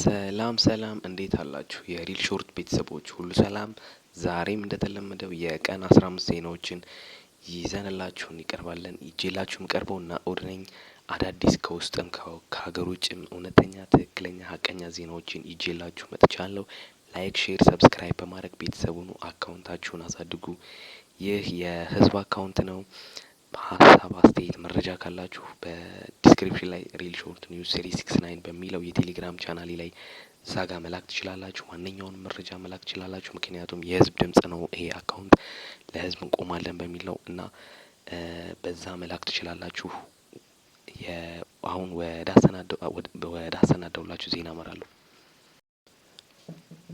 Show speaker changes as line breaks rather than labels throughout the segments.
ሰላም ሰላም እንዴት አላችሁ የሪል ሾርት ቤተሰቦች ሁሉ ሰላም። ዛሬም እንደተለመደው የቀን አስራ አምስት ዜናዎችን ይዘንላችሁ እንቀርባለን። ይጄላችሁም የምቀርበው ናኦድ አዳዲስ ከውስጥም ከሀገር ውጭም እውነተኛ ትክክለኛ ሀቀኛ ዜናዎችን ይጄላችሁ መጥቻለሁ። ላይክ፣ ሼር፣ ሰብስክራይብ በማድረግ ቤተሰቡኑ አካውንታችሁን አሳድጉ። ይህ የህዝብ አካውንት ነው። በሀሳብ አስተያየት፣ መረጃ ካላችሁ በዲስክሪፕሽን ላይ ሪል ሾርት ኒውስ ሴሪ ሲክስ ናይን በሚለው የቴሌግራም ቻናሌ ላይ ዛጋ መላክ ትችላላችሁ። ማንኛውንም መረጃ መላክ ትችላላችሁ። ምክንያቱም የህዝብ ድምጽ ነው ይሄ አካውንት ለህዝብ እንቆማለን በሚለው እና በዛ መላክ ትችላላችሁ። አሁን ወደ አሰናደውላችሁ ዜና አመራለሁ።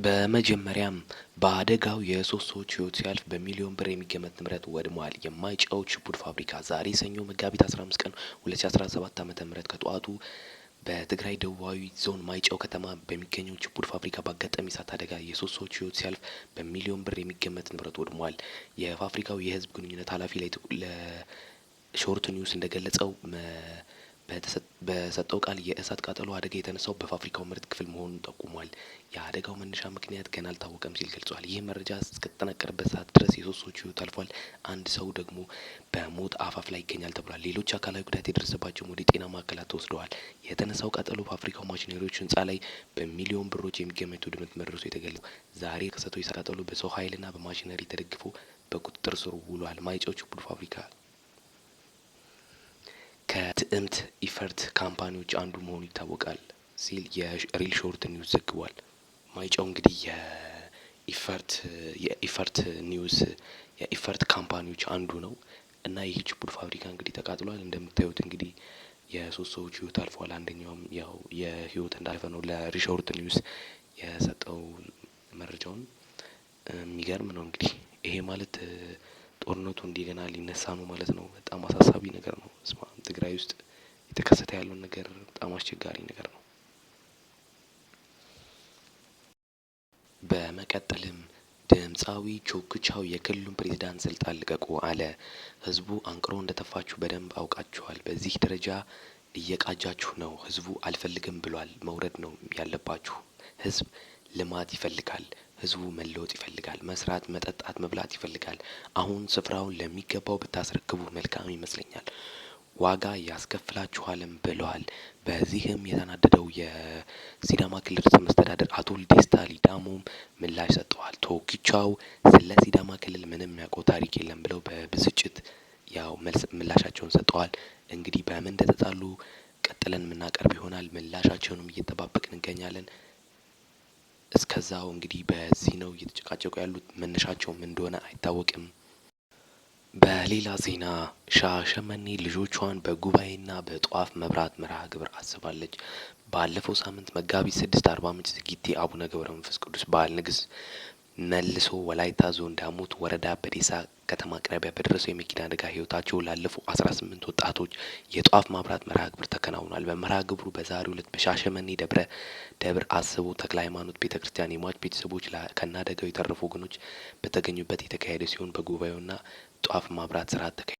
በመጀመሪያም በአደጋው የሶስት ሰዎች ህይወት ሲያልፍ በሚሊዮን ብር የሚገመት ንብረት ወድሟል። የማይጨው ችቡድ ፋብሪካ ዛሬ ሰኞ መጋቢት 15 ቀን 2017 ዓ ም ከጠዋቱ በትግራይ ደቡባዊ ዞን ማይጨው ከተማ በሚገኘው ችቡድ ፋብሪካ ባጋጠሚ እሳት አደጋ የሶስት ሰዎች ህይወት ሲያልፍ በሚሊዮን ብር የሚገመት ንብረት ወድሟል። የፋብሪካው የህዝብ ግንኙነት ኃላፊ ለሾርት ኒውስ እንደገለጸው በሰጠው ቃል የእሳት ቃጠሎ አደጋ የተነሳው በፋብሪካው ምርት ክፍል መሆኑን ጠቁሟል። የአደጋው መነሻ ምክንያት ገና አልታወቀም ሲል ገልጿል። ይህ መረጃ እስከተጠናቀረበት ሰዓት ድረስ የሶስት ሰዎች ህይወት አልፏል። አንድ ሰው ደግሞ በሞት አፋፍ ላይ ይገኛል ተብሏል። ሌሎች አካላዊ ጉዳት የደረሰባቸውም ወደ ጤና ማዕከላት ተወስደዋል። የተነሳው ቃጠሎ ፋብሪካው ማሽነሪዎች ህንፃ ላይ በሚሊዮን ብሮች የሚገመቱ ውድመት መድረሱ የተገለጸ ዛሬ ከሰቶ የእሳት ቃጠሎ በሰው ኃይልና በማሽነሪ ተደግፎ በቁጥጥር ስር ውሏል። ማይጨው ቡድ ፋብሪካ ከትዕምት ኢፈርት ካምፓኒዎች አንዱ መሆኑ ይታወቃል ሲል የሪል ሾርት ኒውስ ዘግቧል። ማይጨው እንግዲህ የኢፈርት የኢፈርት ኒውስ የኢፈርት ካምፓኒዎች አንዱ ነው እና ይህ ችቡድ ፋብሪካ እንግዲህ ተቃጥሏል። እንደምታዩት እንግዲህ የሶስት ሰዎች ህይወት አልፏል። አንደኛውም ያው የህይወት እንዳልፈ ነው ለሪሾርት ኒውስ የሰጠው መረጃውን። የሚገርም ነው እንግዲህ ይሄ ማለት ጦርነቱ እንደገና ሊነሳ ነው ማለት ነው። በጣም አሳሳቢ ነገር ነው። ትግራይ ውስጥ የተከሰተ ያለውን ነገር በጣም አስቸጋሪ ነገር ነው። በመቀጠልም ድምፃዊ ቾክቻው የክልሉን ፕሬዚዳንት ስልጣን ልቀቁ አለ። ህዝቡ አንቅሮ እንደተፋችሁ በደንብ አውቃችኋል። በዚህ ደረጃ እየቃጃችሁ ነው። ህዝቡ አልፈልግም ብሏል። መውረድ ነው ያለባችሁ። ህዝብ ልማት ይፈልጋል። ህዝቡ መለወጥ ይፈልጋል። መስራት፣ መጠጣት፣ መብላት ይፈልጋል። አሁን ስፍራውን ለሚገባው ብታስረክቡ መልካም ይመስለኛል። ዋጋ ያስከፍላችኋልም ብለዋል። በዚህም የተናደደው የሲዳማ ክልል ርዕሰ መስተዳደር አቶ ልደታ ሊዳሞም ምላሽ ሰጥተዋል። ቶኪቻው ስለ ሲዳማ ክልል ምንም የሚያውቀው ታሪክ የለም ብለው በብስጭት ያው ምላሻቸውን ሰጥተዋል። እንግዲህ በምን እንደተጣሉ ቀጥለን የምናቀርብ ይሆናል። ምላሻቸውንም እየጠባበቅን እንገኛለን። እስከዛው እንግዲህ በዚህ ነው እየተጨቃጨቁ ያሉት። መነሻቸውም እንደሆነ አይታወቅም። በሌላ ዜና ሻሸመኔ ልጆቿን በጉባኤና በጧፍ መብራት መርሃ ግብር አስባለች። ባለፈው ሳምንት መጋቢት ስድስት አርባ ምንጭ ዝጊቴ አቡነ ገብረ መንፈስ ቅዱስ በዓለ ንግስ መልሶ ወላይታ ዞን ዳሞት ወረዳ በዴሳ ከተማ አቅራቢያ በደረሰው የመኪና አደጋ ህይወታቸው ላለፉ አስራ ስምንት ወጣቶች የጧፍ ማብራት መርሃ ግብር ተከናውኗል። በመርሃ ግብሩ በዛሬው ዕለት በሻሸመኔ ደብረ ደብር አስቦ ተክለ ሃይማኖት ቤተ ክርስቲያን የሟች ቤተሰቦች ከና አደጋው የተረፉ ወገኖች በተገኙበት የተካሄደ ሲሆን በጉባኤውና ጧፍ ማብራት ስርዓት ተካሂዷል